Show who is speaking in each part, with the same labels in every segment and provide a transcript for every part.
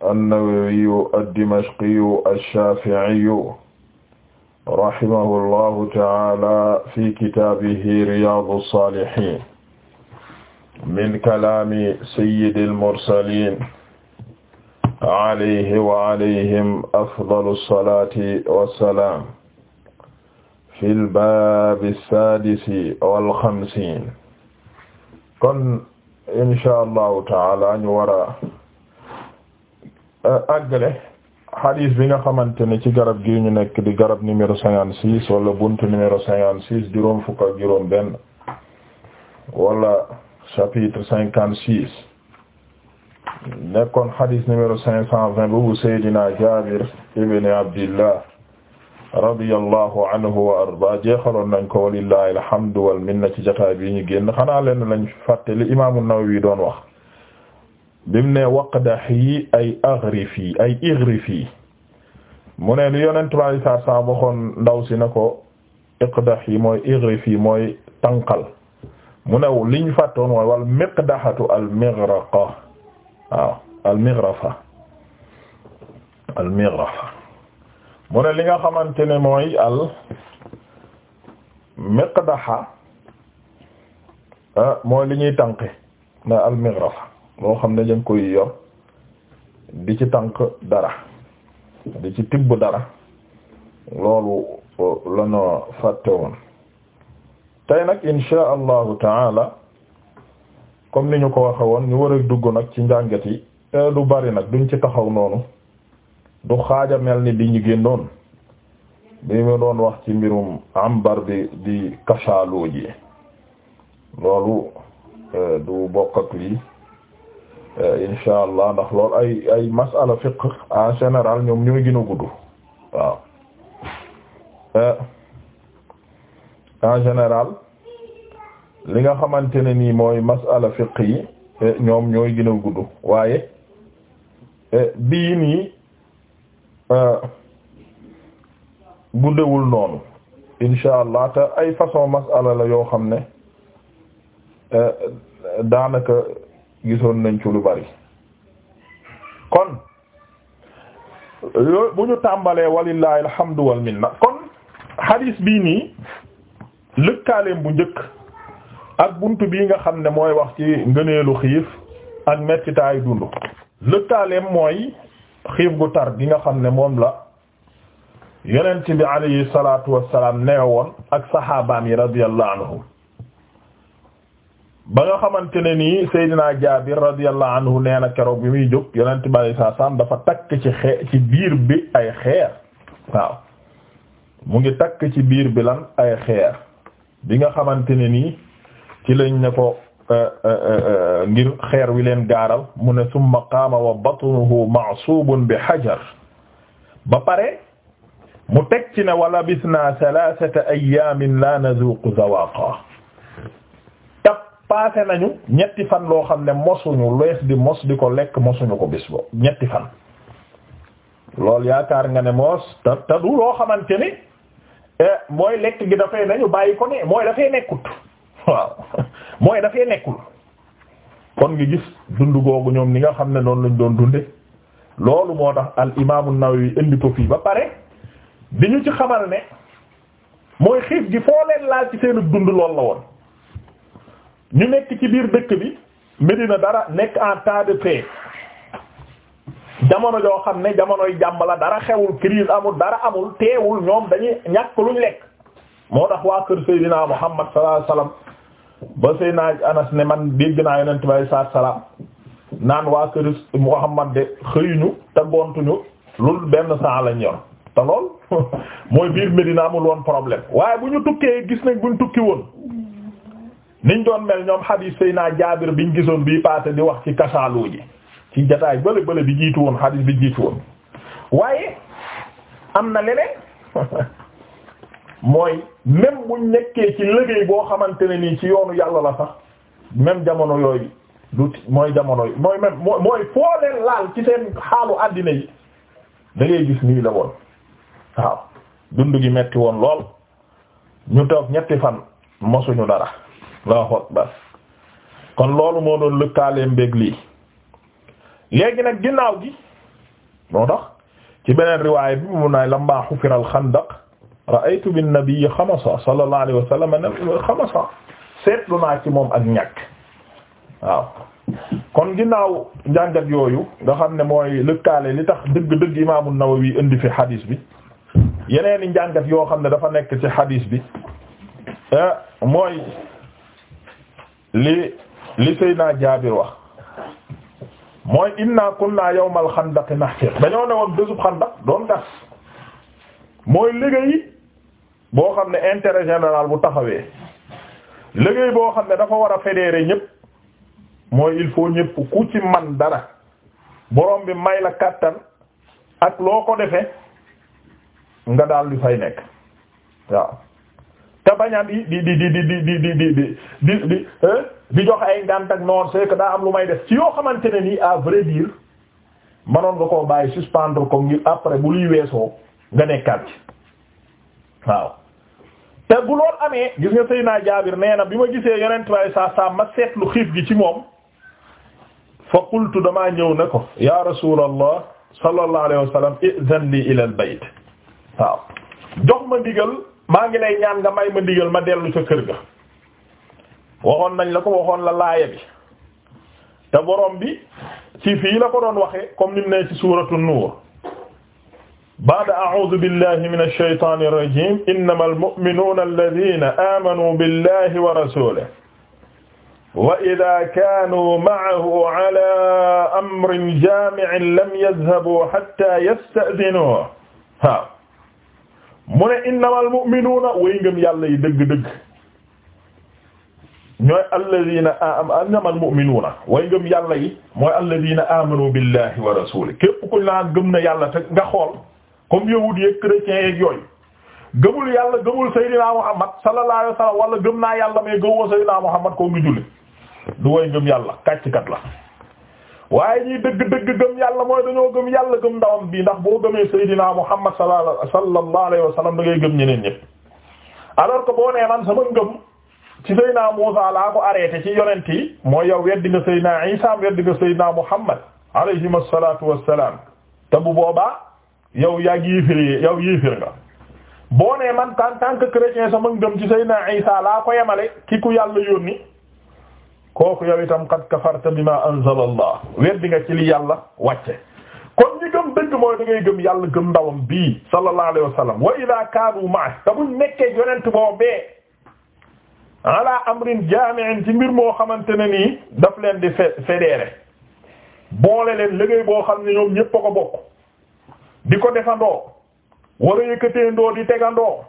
Speaker 1: an-Nawawiyu ad-Dimashqiyu ash-Shafi'iyu rahimahullahu ta'ala fi kitaabihi Riyaadu s-Saalihiin min kalaami sayyidil mursaliin alayhi wa alayhim afdalu s-salaati wa s-salaam fil baabi s-saadisi wal xamsiin kon incha allahu ta'ala ñu wara Euh, àggale hadis bi nga xamante ne ci garab gi ñu nekk di garab numéro cinquante six wala buntu numéro cinquante six juróom fukk ak juróom benn wala chapitre cinquante six nekkoon hadis numéro cinq cent vingt bu Seydina Jaabir ibn Abdillah radiyallahu anhu wa arda jeexaloon nañ ko walillahi alhamdu wal ci jotaay bi ñu génn xanaa leen lañ fàtte li imaamu Nawawi doon wax bim ne waqdahi ay aghrifi ay ighrifi mu ne li yonent bi saa ndaw si na ko iqdahi mooy ighrifi mooy tànqal mu ne liñ fàttoon mooy wal miqdahatu al mighraqa mu ne li nga xamante ne mooy al miqdaha ah, mooy li ñuy tànqe na al loo xam ne dañ koy yor di ci tànk dara di ci tibb dara loolu uh, la fàtte woon tey nag insha allahu taala comme ni ñu ko waxe woon ñu war a dugg nag ci njàngat yi eh, du bari nag duñ ci taxaw noonu du xaaja mel ni bi ñu génnoon di mu doon wax ci mbirum ambar bi di kacaaloo ji loolu eh, du bokk ak Eh, insha allah ndax lool ay ay masala fiqh en général ñoom ñooy gën a gudd waaw eh, en général li nga xamante ne nii mooy masala fiqh yi eh, ñoom ñooy gën a gudd waaye bii nii guddewul noonu insha allah te ay façon masala la yoo xam ne daanaka gisoon nañ ci lu bari kon yooyu bu ñu tàmbalee walillahi alhamdu wal minna kon hadis bii nii lëkkaaleem bu njëkk ak bunt bii nga xam ne mooy wax ci ngëneelu xiif ak mettitaayu dund lëkkaaleem mooy xiif gu tar gi nga xam ne moom la yonent bi alayhi salaatu wassalaam neewoon ak saxaabaam yi radiyallahu anhum ba nga xamante ne nii Seydina Jaabir radiyallahu anhu nee na muy jóg yonent bi dafa takk ci biir bi ay xeer mu ngi takk ci biir bi lan ay xeer bi nga xamante ne nii ci lañ ne ko eh, eh, eh, ngir xeer wi leen gaaral mu ne summa qaama wa batnuhu ma'suubun bi hajar ba pare mu teg ci ne wa labisnaa salaasata ayyaamin laa nazuuqu passé nañu ñetti fan loo xam ne mosuñu lees di mos di ko lekk mosuñu ko bis bo ñetti fan lool yaakaar nga ne moos te te du loo xamante ni eh, mooy lekk gi dafay nañu bàyyi ko ne mooy dafay nekkut waaw mooy dafay nekkul kon ngi gis dund googu ñoom ni nga xam ne noonu lañ doon dunde loolu moo tax al imaamu Nawawi indi ko fii ba pare di ñu ci xamal ne mooy xiif gi foo leen laal ci seen dund lool la woon ñu nekk ci biir dëkk bi Medina dara nekk en temps de paix jamono joo xam ne jamonoy jàmm la dara xewul crise amul dara amul teewul ñoom dañuy ñàkk luñ lekk moo tax waa kër Seydina Muhammad sallallahu alayhi wasallam ba Seydina Anas ne man bi naa yonent bi sallallahu alayhi wasallam naan waa kër Muhammad de xëyuñu te gontuñu loolu benn saa lañ yor te lool mooy biir Medina amul woon problème waaye bu ñu tukkee gis nañ buñ tukki woon niñ doon mel ñoom xadiis Seydina Jaabir biñ gisoon bii paase di wax ci kasaalu ji ci jataay bële bële bi jiitu woon xadiis bi jiitu woon waaye am na leneen mooy même buñ nekkee ci liggéey boo xamante ne nii ci yoonu yàlla la sax même jamono yooyu du mooy jamono yi mooy même mooy foo leen laal ci seen xaalu àddina yi da ngay gis nii la woon waaw dund gi metti woon lool ñu toog ñetti fan mosuñu dara Allahu akbar kon loolu moo doon lëkkaaleem mbég lii léegi nag ginnaaw gi moo tax ci beneen riwaay bi mu nay lamma xufira alxandaq ra'aytu bin nabiyyi xamasa sallallahu alayhi wa sallam xamasa seetlu naa ci moom ak ñàkk waaw kon ginnaaw njàngat yooyu nga xam ne mooy lëkkaale li tax dëgg-dëgg imaamu Nawawi indi fi xadiis bi yeneeni njàngat yoo xam ne dafa nekk ci xadiis bi eh, mooy li li naa Jaabir wax mooy inna kunna yawmal xandaq nahfiq dañoo ne woon bésub xandaq doon gas mooy liggéey boo xam ne intérêt général bu taxawee liggéey boo xam ne dafa war a fédérer ñépp mooy il faut ñépp ku ci man dara borom bi may la kàttan ak loo ko defee nga daal di fay nekk waaw te baña di di di di di di di di jox ay ngànt ak noon c'est que daa am lu may def ci yoo xamante ne nii à vrai manoon nga koo bàyyi suspendre comme ngir après bu luy weesoo nga nekkaat ci waaw te bu loolu amee gis nga sëy naa jaabir nee na bi ma gisee yonent waaye saa saa ma seetlu xiif gi ci moom fa qultu damaa ñëw ne ko ya rasulallah sallallahu alayhi wa sallam izan li ila al bayt waaw jox ma digal maa ngi lay ñaan nga may ma ndigal ma dellu sa kër ga waxoon nañ la ko waxoon la laaya bi te borom bi ci fii la ko doon waxee comme ni mu ne ci suuratu nuur ba'da a'uuzu billahi minash shaytaanir rajiim innamal mu'minuuna allaziina aamanuu billahi wa rasuulihi wa idaa kaanuu ma'ahu 'alaa amrin jaami'in lam yazhabuu hattaa yasta'zinuuhu mu ne innamal mu'minuuna way ngëm yàlla yi dëgg-dëgg ñooy alladina a innamal mu'minuuna way ngëm yàlla yi mooy alladina amanu billahi wa rasuli képp ku laa gëm na yàlla te nga xool comme yahuud yeeg chrétiens yeeg yooyu gëmul yàlla gëmul sayyidina Muhammad sallallahu wa sallam wala gëm naa yàlla mais gëmoo sayyidina Muhammad koo ngi julli du way ngëm yàlla kàcc kat la waaye ñi dëgg dëgg gëm yàlla mooy dañoo gëm yàlla gëm ndawam bi ndax boo gëmee Seydina Muhammad sallallahu alayhi wa sallam da ngay gëm ñeneen ñëpp alors que boo nee man sama ngëm ci Seydina Muusa laa ko arrêté ci yonent yi mooy yow weddi nga Seydina Isa weddi nga Seydina Muhammad alayhim assalatu wassalam te bu boobaa yow yaa ngi yéefir yow yéefir nga boo nee man en tant que chrétien sama ngëm ci Seydina Isa laa ko yemale ki ku yàlla yónni kooku yow itam qad kafarta bima anzala Allah weddi nga ci li yàlla wàcce kon ñi gëm dëgg mooy da gëm yàlla gëm ndawam bii sallallahu alayhi wa sallam wa ida kaanu ma'a te buñ nekkee yonent boo bee ci mbir moo xamante ne nii daf leen di fédéré boole leen liggéey boo xam ne ñoom ñépp ko bokk di ko defandoo war a yëkkateendoo di tegandoo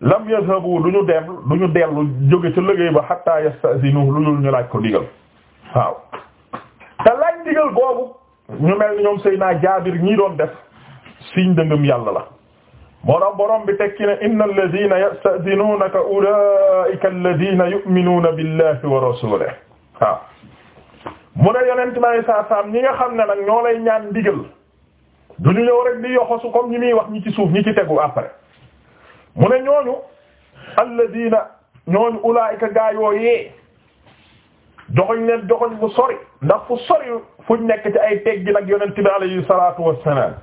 Speaker 1: lam yazhabu du ñu dem du ñu dellu jóge ca liggéey ba hatta yastazinu lu ñu laaj ko digal waaw te laaj digal googu ñu mel ni ñoom Seydina Jaabir ñii doon def signe de ngëm yàlla la moo tax borom bi tekki ne inna alladhina yasta'dinunaka ulaa'ika alladhina yu'minuna billahi wa rasulihi waaw mu ne yonent ma saa saam ñi nga xam ne nag ñoo lay ñaan digal du ñu ñëw rek di yoxosu comme ñi muy wax ñi ci suuf ñi ci tegu après mu ne ñooñu alladina ñooñu ulaayika gaa yooyee joxoñ leen joxoñ bu sori ndax fu sori fuñ nekk ci ay teggi nag yonent bi alayhi salaatu wassalaam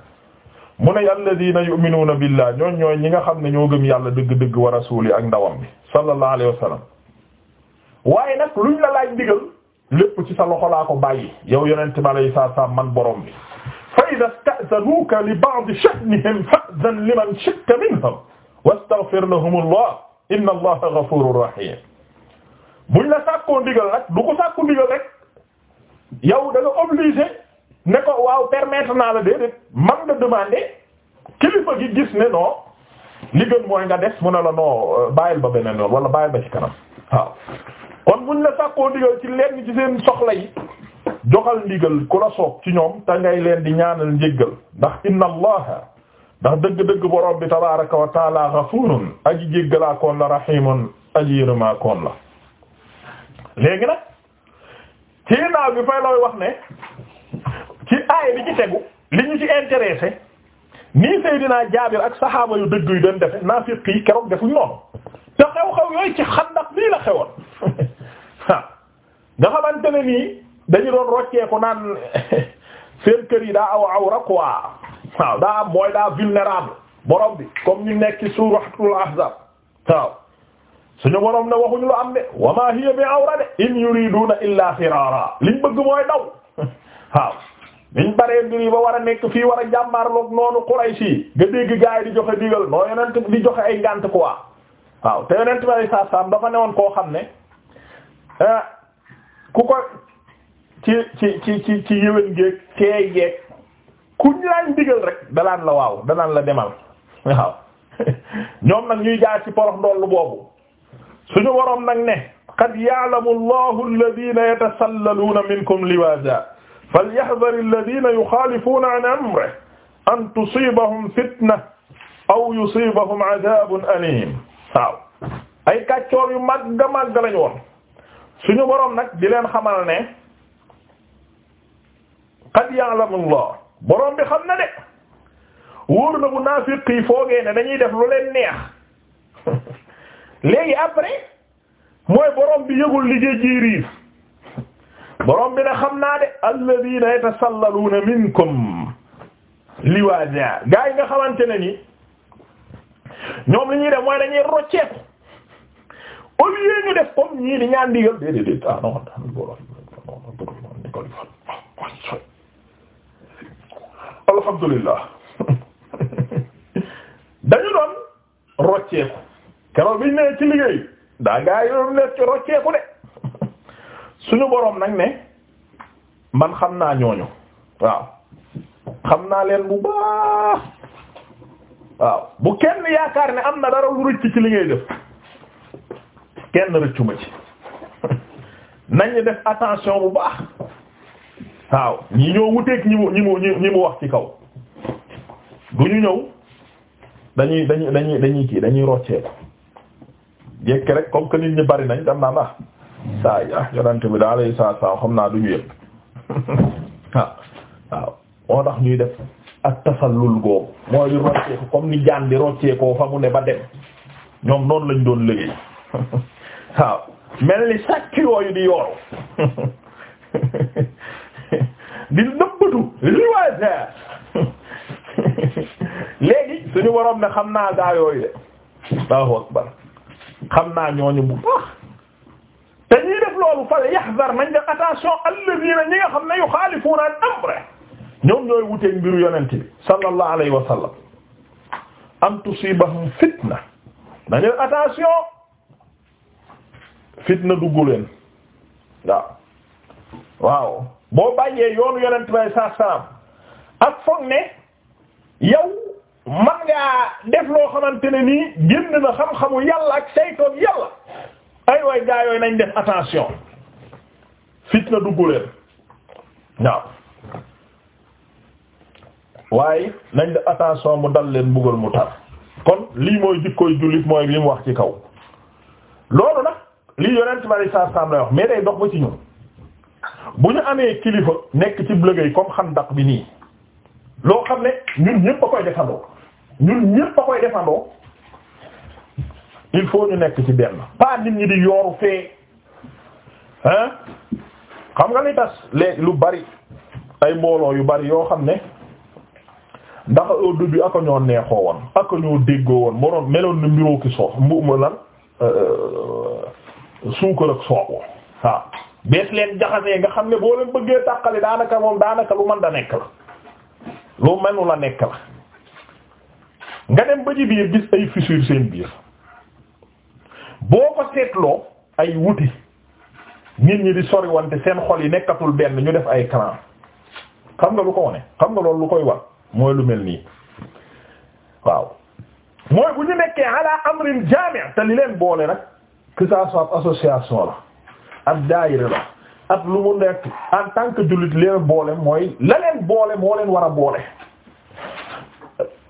Speaker 1: mu ne alladina yu'minuuna billah ñooñ ñooy ñi nga xam ne ñoo gëm yàlla dëgg-dëgg wa rasuuli ak ndawam bi sallallahu alayhi wa sallam waaye nag luñ la laaj ndigal lépp ci sa loxo laa ko bàyyi yow yonent bi alayhi salaatu wassalaam man borom bi fa idaa sta'zanuuka li ba'di sha'nihim fa'zan liman shi'ta minhum wastaghfir lahumullah inna allaha ghafurur rahim buñ la sàkkoo ndigal nag du ko sàkku ndigal rek yow da nga ne ko waaw permettre naa la déedéet man nga demander kilifa gi gis ne non li gën mooy nga des mu ne la non euh, bàyyil ba beneen yoon wala bàyyil ba ci kanam waaw kon buñ la sàkkoo ndigal ci lenn ci seen soxla yi joxal ndigal ku la soob ci ñoom te ngay leen di ñaanal njéggal ndax inna allaha ndax dëgg-dëgg borom bi tabaaraka wa taala ghafurun aji la rahimun aji yërëmaa koon la léegi nag ci naaw bi fay looy wax ne ci aaya bi ci tegu li ñu ci intéressé nii Seydina Jaabir ak saxaaba yu dëgg yu doon defe naafiq yi keroog defuñ noonu te xew-xew yooyu ci xandak nii la xewoon nga xamante nii dañu doon roccee naan seen kër yi daa aw aw quoi waaw daa mooy daa vulnérable borom bi comme ñu nekk ci suuratul ahzab waaw suñu borom ne waxuñu lu am ne wa ma hiya bi awra de in yuriduna illa firara liñ bëgg mooy daw waaw liñ baree mbir ba war a nekk fii war a jàmbaarloog noonu Qurayshi ga dégg gaa di joxe digal noo yonent di joxe ay ngànt quoi waaw te yonent bi saa saam woon newoon koo xam ne eh, ku ko ci ci ci ci ci yëwén ku ñu lañ digal rek danaan la waaw danaan la demal waaw ñoom nag ñuy jaar ci porox ndollu boobu suñu waroon nag ne qad ya'lamu allahu alladhina yatasallaluuna minkum liwaza falyahdhar alladhina yukhalifuna an amrihi an tusibahum fitna aw yusibahum adhabun alim waaw ay kàccoor yu màgga màgga lañu woon suñu boroom nag di leen xamal ne qad ya'lamu allah borom bi xam na de wóor na munaafiq yi foogee ne dañuy def lu neex léegi après mooy borom bi yëgul liggéey ji riif bi na xam naa de alladina yatasallaluuna minkum liwaza gaa yi nga xamante ne ni ñoom li ñuy def mooy dañuy rocceeku au lieu ñu def comme ñii di ñaan digal déedéet ah non non borom alhamdulillah dañu doon rocceeku keroog biñ ne ci liggéey daa gaa yi rocceeku de suñu boroom nag ne man xam naa ñooñu waaw xam naa leen bu baax waaw bu kenn yaakaar ne am na dara lu rëcc ci li def kenn rëccu ma ci nañ def attention bu baax waaw ñi ñoo wuteeg ñi mu ñi mu ñi mu wax ci kaw du ñu ñëw dañuy dañuy dañuy dañuy kii dañuy rocceeku jekk rek comme que nit ñi bari nañ dam naa la ah, saa yi ah yonent bi daa lay saa saa xam naa du yëpp ah, waaw waaw tax ñuy def ak tafallul googu mooy di rocceeku comme ni jaan di rocceekoo fa mu ne ba dem ñoom noonu lañ doon liggéey waaw mel ni sàcc yooyu di yooru di nëbbatu riwaasa léegi suñu waroon ne xam naa gaa de Allahu akbar xam naa ñooñu bu baax te ñuy def loolu fa yahzar nañ def attention alladhina ñi nga xam ne yuxaalifuuna an amre ñoom ñooy wuteeg mbiru yonent bi sallallahu alayhi wa an tusibahum fitna nañu attention fitna duggu leen waaw boo bàyyee yoonu yonent bay saa salaam ak foog ne yow man ngaa def loo xamante ne nii génn na xam-xamu yàlla ak saytoon yàlla ay way gaa yooyu nañ def attention na dugg leen waaw waaye nañ def attention mu dal leen buggal mu tar kon lii mooy jikkoy jullit mooy li mu wax ci kaw loolu nag lii yonent bay saa salaam lay wax mais day dox ba ci ñun bu ñu amee kilifa nekk ci blëgëy comme xam xandak bi nii loo xam ne ñun ñëpp a koy defandoo ñun ñëpp a koy defandoo il faut ñu nekk ci benn pas nit ñi di yooru fee hein xam nga li tas lu bari ay mbooloo yu bari yoo xam ne ndax au début ak ñoo neexoo woon ak ñoo déggoo woon moroom meloon na mbiroo ki soox mbu lan euh, suukar ak soow waaw bees leen jaxasee nga xam ne boo leen bëggee tàqali daanaka moom daanaka lu man da nekk la lu mënu la nekk la nga dem ba ci biir gis ay fissure seen biir boo ko seetloo ay wuti nit ñi di sori wante seen xol yi nekkatul benn ñu def ay cran xam nga lu ko wone xam na loolu lu koy war mooy lu mel nii waaw mooy bu ñu nekkee ala amrin jami' te li leen boole nag que ça association la ab daayira la ak lu mu nekk en tant que leen boole mooy la leen boole moo leen war a boole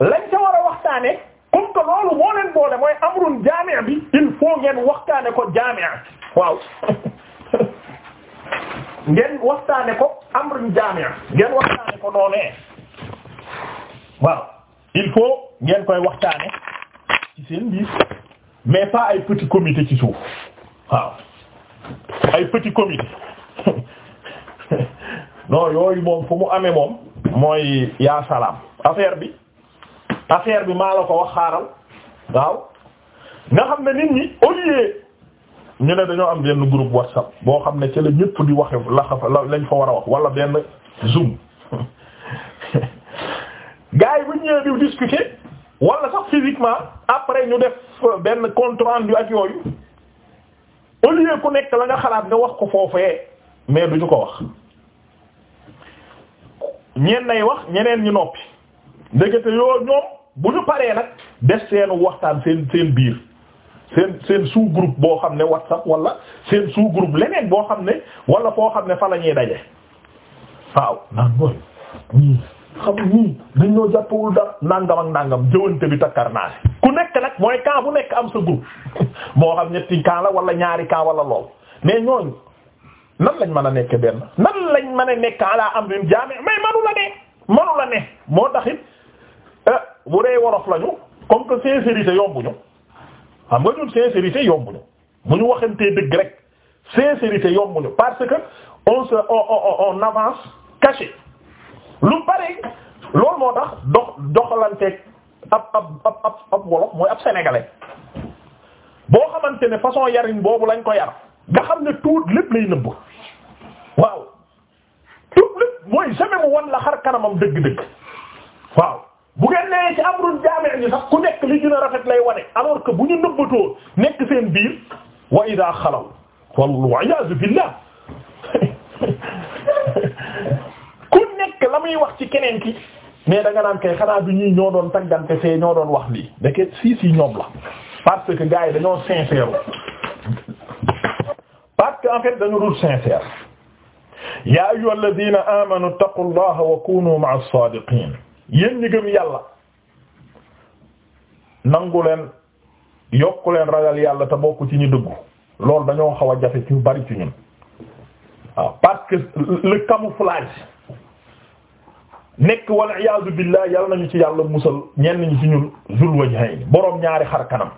Speaker 1: lañ ca war waxtaane comme que loolu moo leen boole mooy amrun jaami' bi il faut ngeen waxtaane ko jaami' waaw ngeen waxtaane ko amrun jaami' ngeen waxtaane ko noonee waaw il faut ngeen koy waxtaane ci seen biir mais pas ay petit comité ci suuf waaw ay petit comité non yooyu moom fu mu amee moom mooy yaa salaam affaire bi affaire bi maa la ko wax xaaral waaw nga xam ne nit ñi au ñu ne dañoo am benn group whatsapp boo xam ne ci la ñëpp di waxe la lañ fa war a wax wala benn zoom gars yi bu ñu ñëwee di sax physiquement après ñu def benn compte rendu ak yooyu. au lieu ku nekk la nga xalaat nga wax ko foofee mais duñu ko wax ñeen nay wax ñeneen ñi noppi ndekete yoo ñoom bu ñu paree nag def seenu waxtaan seen seen biir seen seen sous-groupe boo xam ne WhatsApp wala seen suu groupe leneen boo xam ne wala foo xam ne fa la ñuy daje waaw naan mooy ñii xam ñii dañ ñoo jàppawul dara nangam ak nangam jëwante bi takkarnaasi nag mooy camp bu nekk am sa groupe moo xam ñetti camp la wala ñaari camp wala lool mais ñooñu nan lañ mën a nekk benn nan lañ mën a nekk ala amrin jaami mais manu la ne manu la ne moo taxit eh, bu dee worof lañu comme que sincérité yombuñu xam nga ñun sincérité yombuñu bu ñu waxantee dëgg rek sincérité yombuñu parce que on se on avance caché lu bari loolu moo tax dox doxalanteeg. ab ab ab ab wolof mooy ab sénégalais boo xamante ne façon yarin boobu lañ ko yar nga xam ne tuut lépp lay nëbb waaw tuut lépp mooy jamais mu wan xar kanamam dëgg-dëgg waaw bu ngeen nee ci amrul jaami' ni sax ku nekk li gën a rafet lay wane alors que bu ñu nëbbatoo nekk seen biir wa idaa xalaw wal iyaazu la ku nekk la muy wax ci keneen ki mais da nga naan kay xanaa bi ñuy ñoo doon taggante fee ñoo doon wax lii ndeke si si ñoom la parce que gars yi dañoo sincère parce que en fait dañu dul sincère yaa ayyuha alladina amanu taqullaha wa kunu ma'a as-sadiqin yéen ñi yàlla nangu leen yokk leen ragal yàlla te bokk ci ñu dëggu loolu dañoo xaw a jafe ci bari ci ñun waaw parce que le camouflage nekk wal iyaazu billah yàlla nañu ci yàlla musal ñenn ñi ci ñun zul wajhayn boroom ñaari xar kanam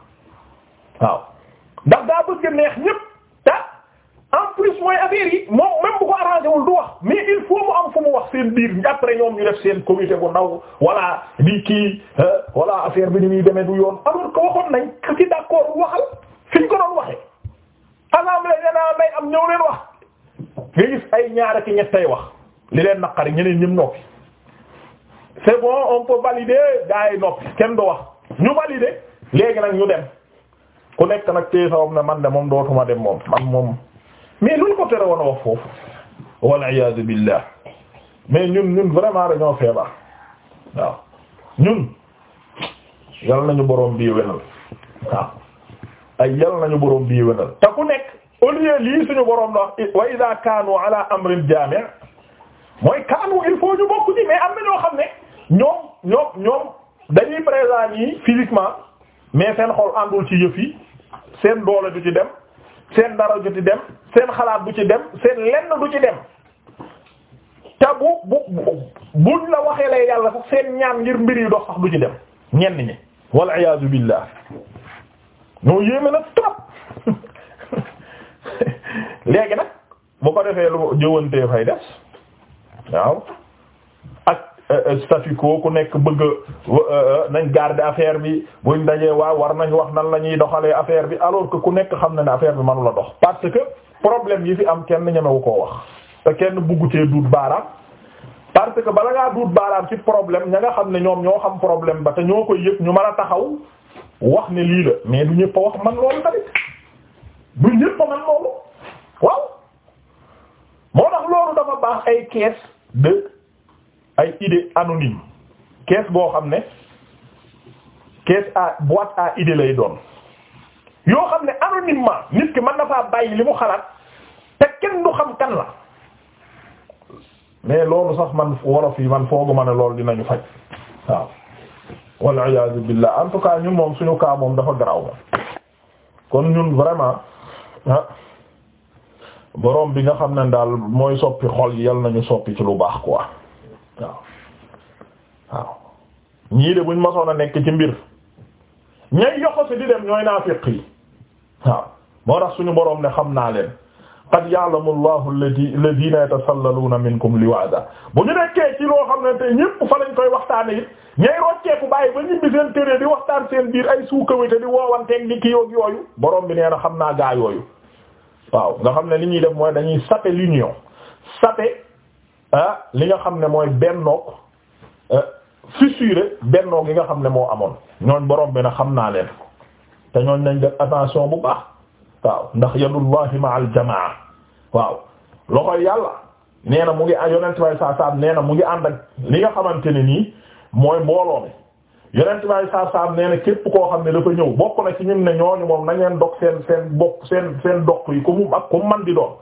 Speaker 1: waaw ndax daa bëgg neex ñépp te en plus mooy affaire yi moom même bu ko arrangé du wax mais il faut mu am fu mu wax seen biir après ñoom ñu def seen comité bu ndaw walla di kii walla euh, affaire bi ni muy demee du yoon alors que waxoon nañ ci d'accord waxal fi ñëw leen wax nga gis ay ñaar ak ñettay wax li leen naqari ñeneen ñim noppi. c'est bon on peut valider gars yi noppi kenn du wax ñu valider léegi nag ñu dem ku nekk nag tey sawam ne man de moom dootuma dem moom man moom mais lu ko tere woon a wax foofu walla iyaazu billaah mais ñun ñun vraiment dañoo feebar waaw yal nañu borom bii wenal waaw ay yal nañu ku nekk au lieu lii suñu borom la wax wa kaanu ala amrin jaami' mooy kaanu il faut ñu bokk ci mais am xam ne ñoom ñoom ñoom dañuy présent nii physiquement mais seen xol àndul ci yëf yi seen doole du ci dem seen dara du ci dem seen xalaat du ci dem seen lenn du ci dem te bu bu buñ la waxee lay yàlla sax seen ñaan ngir mbir yu dox sax du ci dem ñenn ñi wal iyaazu billah ñoo yéeme nag trop léegi nag bu ko defee lu jëwantee fay des waaw Euh, euh, statu ku nekk bëgg euh, nañ garder affaire bi buñ dajee waaw war nañ wax nan la ñuy doxalee affaire bi alors que ku nekk xam na ne affaire bi mënu la dox parce que problème yi fi am kenn ñemewu koo wax te kenn buggu cee duut baaraam parce que bala ngaa duut baaraam ci problème ña xam ne ñoom ñoo xam problème ba te ñoo koy yëg ñu mën a taxaw wax ne lii la mais du ñëpp a wax man loolu tamit du ñëpp man loolu waaw moo tax loolu dafa baax ay kees de ay idée anonyme kees boo xam ne kees à boîte à idée lay doon yoo xam ne anonymement nit ki mën na bàyyi li mu xalaat te kenn du xam kan la mais loolu sax man wolof yi man fooguma ne loolu dinañu faj waaw wal iyaazu billah en tout cas ñun moom suñu cas moom dafa garaaw moom kon ñun vraiment ah, boroom bi nga xam ne daal mooy soppi xol yi yal nañu soppi ci lu baax quoi waaw waaw ñii de buñ masoon a nekk ci mbir ñay yokk ci di dem ñooy naafiq yi waaw moo tax suñu boroom ne xam naa leen qad ya'lamu Allahu alladhina yatasallaluuna minkum liwaada bu ñu a ci loo xam ne te ñépp fa lañ koy waxtaane it ñay rocceeku bàyyi ba ñibbi seen téré di waxtaan seen biir ay suukawite di woowanteeg di ki yoog yooyu boroom bi nee na xam naa gaa yooyu waaw nga xam ne li ñuy def mooy dañuy saper l'union saper Ah, li nga xam ne mooy bennook eh, fissuré bennook yi nga xam ne moo amoon ñooñ borom bi na xam naa leen te ñooñ nañ def attention bu baax waaw ndax yadullahi ma al jamaa waaw loxoy yàlla nee na mu ngi yonent bay saa saam nee na mu ngi ànd ak li nga xamante ne nii mooy mbooloo mi yonent bay saa saam nee képp koo xam ne dafa ñëw bokk na ci ñun ne ñooñu moom nañ leen dog seen seen bokk seen seen dok yi ku mu ak ku man di doon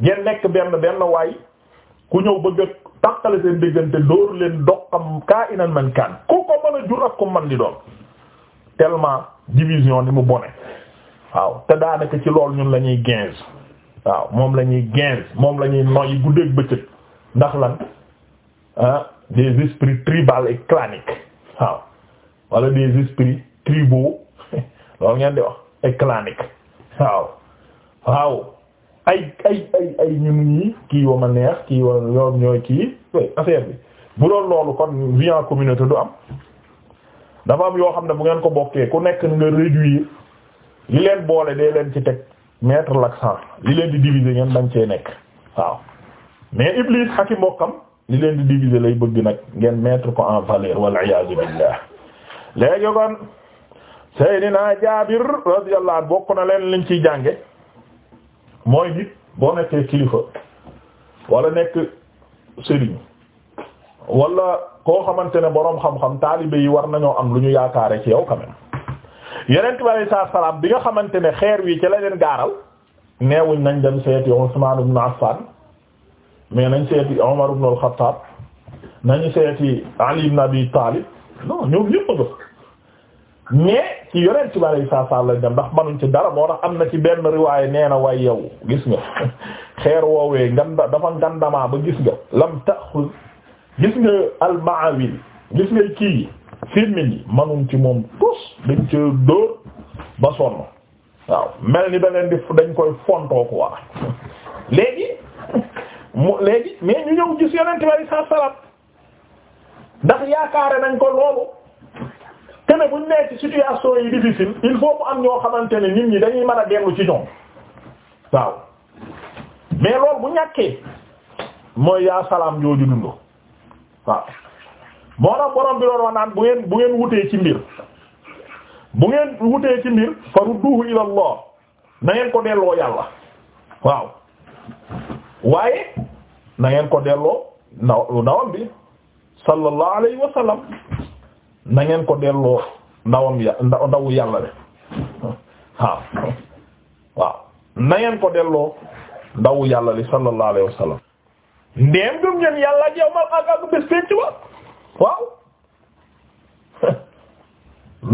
Speaker 1: ngeen nekk benn benn ku ñëw bëgg a tàqale seen diggante dóor leen doqam kaa inan man kaan ku ko mën a jur ak ko man di doon tellement division ni mu bone waaw te daanaka ci lool ñun la ñuy ginze waaw moom la ñuy ginze moom la ñuy noyyi guddeeg bëccëg ndax lan ah des esprits tribaux et claniques waaw wala des esprits tribaux loolu ngeen di wax et claniques waaw waaw ay ay ay ay ñun ñii kii wa ma neex kii wa ñoom ñooy kii affaire bi bu doon loolu kon vie communauté du am dafa am yoo xam ne bu ngeen ko bokkee ku nekk nga réduire li leen boole dee leen ci teg mettre l'accent li leen di diviser ngeen dañ cee nekk waaw mais Iblis ak i mbokkam li leen di diviser lay bëgg nag ngeen mettre ko en valeur wal iyaazu billah léegi kon Seydina Jaabir radiyallahu anhu bokk na leen liñ ciy jànge mooy nit boo nekkee kilifa wala nekk sëriñ wala koo xamante ne boroom xam-xam taalibe yi war nañoo am lu ñu yaakaare ci yow quand yeneen bi alei salaatu salaam bi nga xamante ne xeer wi ci la leen gaaral neewuñ nañ dem seeti Usmaan ibn Affan mais nañ seeti Umar ibn al-Khattab nañu seeti Ali ibn Abi Talib non ñëpp a mais ci yonent ci bari saa saa lañ dem ndax manuñ ci dara moo tax am na ci benn riwaay nee na waay yow gis nga xeer woowee nganda dafa ngandamaa ba gis nga lam taxul gis nga almaawil gis nga kii yi firmin yi manuñ ci moom tus dañ ci dóor ba sonn waaw mel ni da di dañ koy fontoo ko waa léegi mu léegi mais ñu ñëw gis yonent ci bari saa salaam ndax yaakaare nañ ko loolu ne buñ nee ci situation yi difficile il faut mu am ñoo xamante ne nit ñi dañuy mën a dellu ci ñoom waaw mais loolu bu ñàkkee mooy yaa salaam jooju dund waaw moo tax borom bi doon wax naan bu ngeen bu ngeen wutee ci mbir bu ngeen wutee ci mbir farudduhu ila Allah na ngeen ko delloo yàlla waaw waaye na ngeen ko delloo ndaw ndawam bi sallallahu alayhi wa nangeen ko delloo ndawam ya ndawu yàlla de waaw waaw na ko delloo ndawu yàlla li sallallahu alayhi wa sallam ndéem gëm ngeen yàlla ak yow ma ak waaw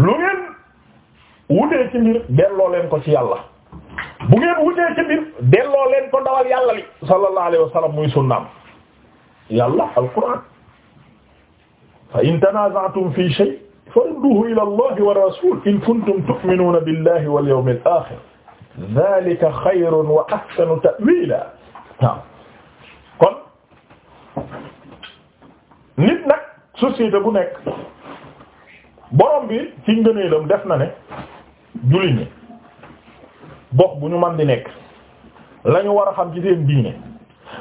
Speaker 1: lu ngeen wutee ci mbir delloo leen ko ci yàlla bu ngeen wutee ci mbir delloo leen ko ndawal yàlla li sallallahu alayhi wa muy sunnaam yàlla alquran fa in tanaza'tum fi shay farudduhu ila allahi wa rasul in kuntum tu'minuna billahi wal yawmil akhir dhalika khayrun wa ahsanu ta'wila kon nit nag société bu nekk borom bi ci ngëneelam def na ne jullit ñi gox bu ñu man di nekk lañu war a xam ci seen diine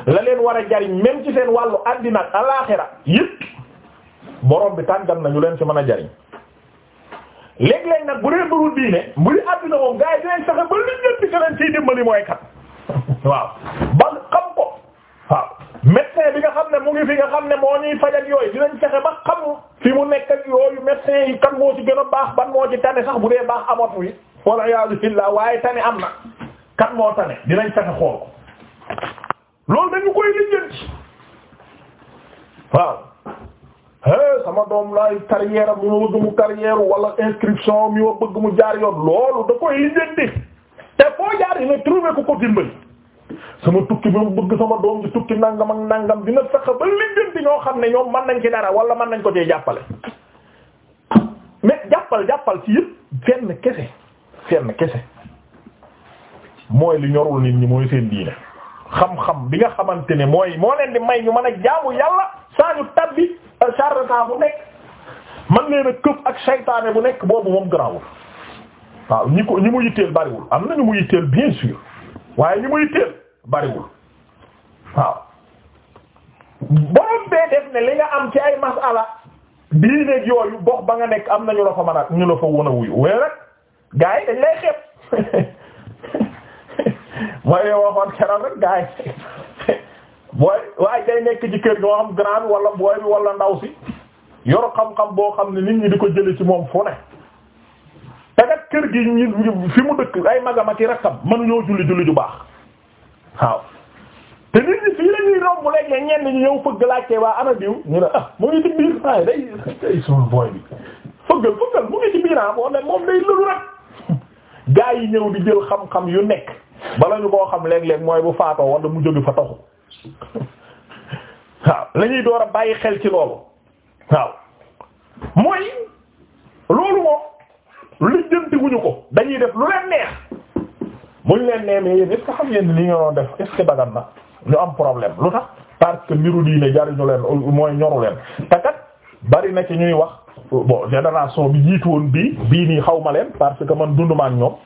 Speaker 1: la leen war a jariñ même ci seen wàllu àddina ak alaaxira yépp borom bi tàngat na ñu leen ci mën a jariñ léeg nag bu dee mbiru diine bu di àdduna moom gars yi dinañ fexe ba li ñëpp ci leen ciy dimbali mooy kat waaw ba xam ko waaw médecin bi nga xam ne mu ngi fi nga xam ne moo ñuy faj ak yooyu dinañ fexe ba xam fi mu nekk ak yooyu médecin yi kan moo ci gën a baax ban moo ci tane sax bu dee baax amatu yi walla iyaazu billaah waaye tane am na kan moo tane dinañ fexe xool ko loolu dañu koy lijjanti waaw hee sama doom laay carrière am yoo bëgg mu carrière wala inscription am bëgg mu jaar yoon loolu da koy lijjanti te foo jaar yi ne trouver ku ko dimbali sama tukki bi mu bëgg sama doom di tukki nangam nangam dina fexe ba lijjanti ñoo xam ne ñoom man nañ ci dara wala mën nañ ko dee jàppale mais jàppal jàppal ci yëpp fenn kese fenn kese mooy li ñorul nit ñi mooy seen diine xam-xam bi nga xamante ne mooy moo leen di may ñu man ak jaamu yàlla saa ñu tabbi euh, charlatan bu nekk man leen a këf ak saytaane bu nekk boobu moom garaawul waaw ñi ko ñi mu yitteel bariwul am na ñu mu yitteel bien sûr waaye ñi mu yitteel bariwul waaw borom bee def ne li nga am ci ay masala bii nekk yooyu box ba nga nekk am na ñu la fa mën a ñu la fa won wuyu wee rek gaa yi dañ lay xeeb mooy waxoon keroog rek gaa yi booy waaye day nekk ci kër gi moo xam grand bi wala booy bi wala ndaw si yor xam-xam boo xam ne nit ñi di ko jële ci moom fu ne te kër gi ñi fi mu dëkk ay magam ak i rakkam mënuñoo julli julli ju baax waaw te nit ñi fii la ñuy romb léeg ñi ñëw fëgg laajte waa ana diw ñu ne ah mu ngi ci biir waaye day day suul booy bi fëggal fëggal mu ngi ci biir ah boo ne moom day lëlu rek gaa yi ñëw di jël xam-xam yu nekk bala ñu boo xam léeg-léeg mooy bu faatoo wala mu jóge fa taxu waaw la door a bàyyi xel ci loolu waaw mooy loolu moom li jënti ko dañuy def lu leen neex buñ leen nee mais yéen xam ngeen li nga doon def est-ce na ñu am problème lu tax parce que mbiru diine jariñu leen mooy ñoru leen te kat na ci ñuy wax bon génération bi jiitu woon bii bii nii xaw ma leen parce que man dundumaan ñoom